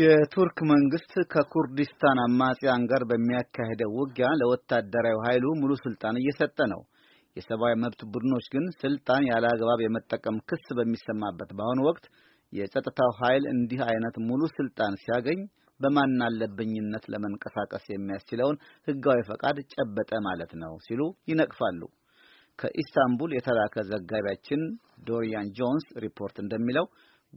የቱርክ መንግስት ከኩርዲስታን አማጽያን ጋር በሚያካሄደው ውጊያ ለወታደራዊ ኃይሉ ሙሉ ስልጣን እየሰጠ ነው። የሰብአዊ መብት ቡድኖች ግን ስልጣን ያለ አግባብ የመጠቀም ክስ በሚሰማበት በአሁኑ ወቅት የጸጥታው ኃይል እንዲህ አይነት ሙሉ ስልጣን ሲያገኝ በማናለብኝነት ለመንቀሳቀስ የሚያስችለውን ህጋዊ ፈቃድ ጨበጠ ማለት ነው ሲሉ ይነቅፋሉ። ከኢስታንቡል የተላከ ዘጋቢያችን ዶሪያን ጆንስ ሪፖርት እንደሚለው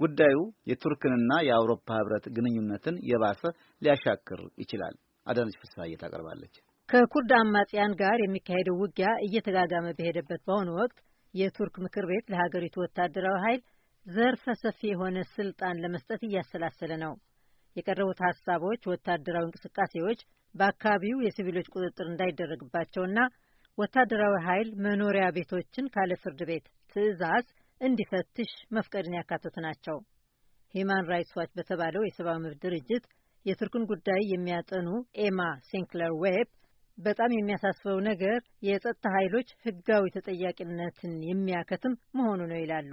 ጉዳዩ የቱርክንና የአውሮፓ ህብረት ግንኙነትን የባሰ ሊያሻክር ይችላል። አዳነች ፍስሐዬ ታቀርባለች። ከኩርድ አማጽያን ጋር የሚካሄደው ውጊያ እየተጋጋመ በሄደበት በአሁኑ ወቅት የቱርክ ምክር ቤት ለሀገሪቱ ወታደራዊ ኃይል ዘርፈ ሰፊ የሆነ ስልጣን ለመስጠት እያሰላሰለ ነው። የቀረቡት ሀሳቦች ወታደራዊ እንቅስቃሴዎች በአካባቢው የሲቪሎች ቁጥጥር እንዳይደረግባቸውና ወታደራዊ ኃይል መኖሪያ ቤቶችን ካለ ፍርድ ቤት ትዕዛዝ እንዲፈትሽ መፍቀድን ያካተቱ ናቸው። ሂማን ራይትስ ዋች በተባለው የሰብአዊ መብት ድርጅት የቱርክን ጉዳይ የሚያጠኑ ኤማ ሲንክለር ዌብ በጣም የሚያሳስበው ነገር የጸጥታ ኃይሎች ሕጋዊ ተጠያቂነትን የሚያከትም መሆኑ ነው ይላሉ።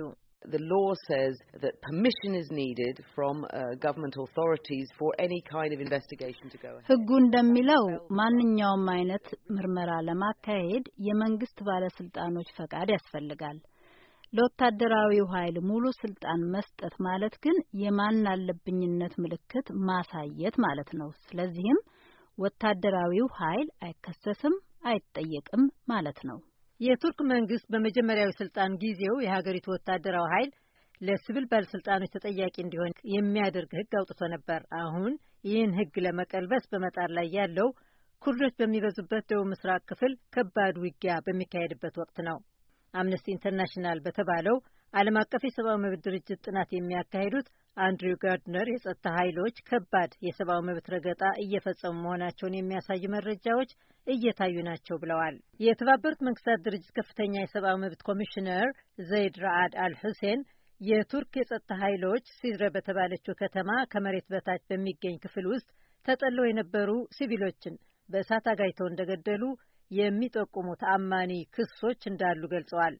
The law says that permission is needed from uh, government authorities for any kind of investigation to go ahead. ሕጉ እንደሚለው ማንኛውም አይነት ምርመራ ለማካሄድ የመንግስት ባለስልጣኖች ፈቃድ ያስፈልጋል። ለወታደራዊው ኃይል ሙሉ ስልጣን መስጠት ማለት ግን የማን አለብኝነት ምልክት ማሳየት ማለት ነው። ስለዚህም ወታደራዊው ኃይል አይከሰስም፣ አይጠየቅም ማለት ነው። የቱርክ መንግስት በመጀመሪያዊ ስልጣን ጊዜው የሀገሪቱ ወታደራዊ ኃይል ለሲቪል ባለስልጣኖች ተጠያቂ እንዲሆን የሚያደርግ ህግ አውጥቶ ነበር። አሁን ይህን ህግ ለመቀልበስ በመጣር ላይ ያለው ኩርዶች በሚበዙበት ደቡብ ምስራቅ ክፍል ከባድ ውጊያ በሚካሄድበት ወቅት ነው። አምነስቲ ኢንተርናሽናል በተባለው ዓለም አቀፍ የሰብአዊ መብት ድርጅት ጥናት የሚያካሂዱት አንድሪው ጋርድነር የጸጥታ ኃይሎች ከባድ የሰብአዊ መብት ረገጣ እየፈጸሙ መሆናቸውን የሚያሳዩ መረጃዎች እየታዩ ናቸው ብለዋል። የተባበሩት መንግስታት ድርጅት ከፍተኛ የሰብአዊ መብት ኮሚሽነር ዘይድ ራአድ አል ሁሴን የቱርክ የጸጥታ ኃይሎች ሲዝረ በተባለችው ከተማ ከመሬት በታች በሚገኝ ክፍል ውስጥ ተጠለው የነበሩ ሲቪሎችን በእሳት አጋይተው እንደገደሉ የሚጠቁሙ ተአማኒ ክሶች እንዳሉ ገልጸዋል።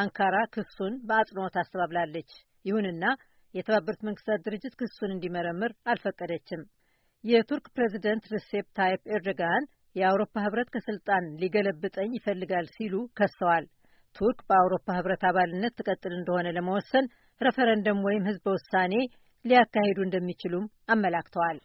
አንካራ ክሱን በአጽንኦት አስተባብላለች። ይሁንና የተባበሩት መንግስታት ድርጅት ክሱን እንዲመረምር አልፈቀደችም። የቱርክ ፕሬዚደንት ሪሴፕ ታይፕ ኤርዶጋን የአውሮፓ ህብረት ከስልጣን ሊገለብጠኝ ይፈልጋል ሲሉ ከሰዋል። ቱርክ በአውሮፓ ህብረት አባልነት ትቀጥል እንደሆነ ለመወሰን ሬፈረንደም ወይም ህዝበ ውሳኔ ሊያካሂዱ እንደሚችሉም አመላክተዋል።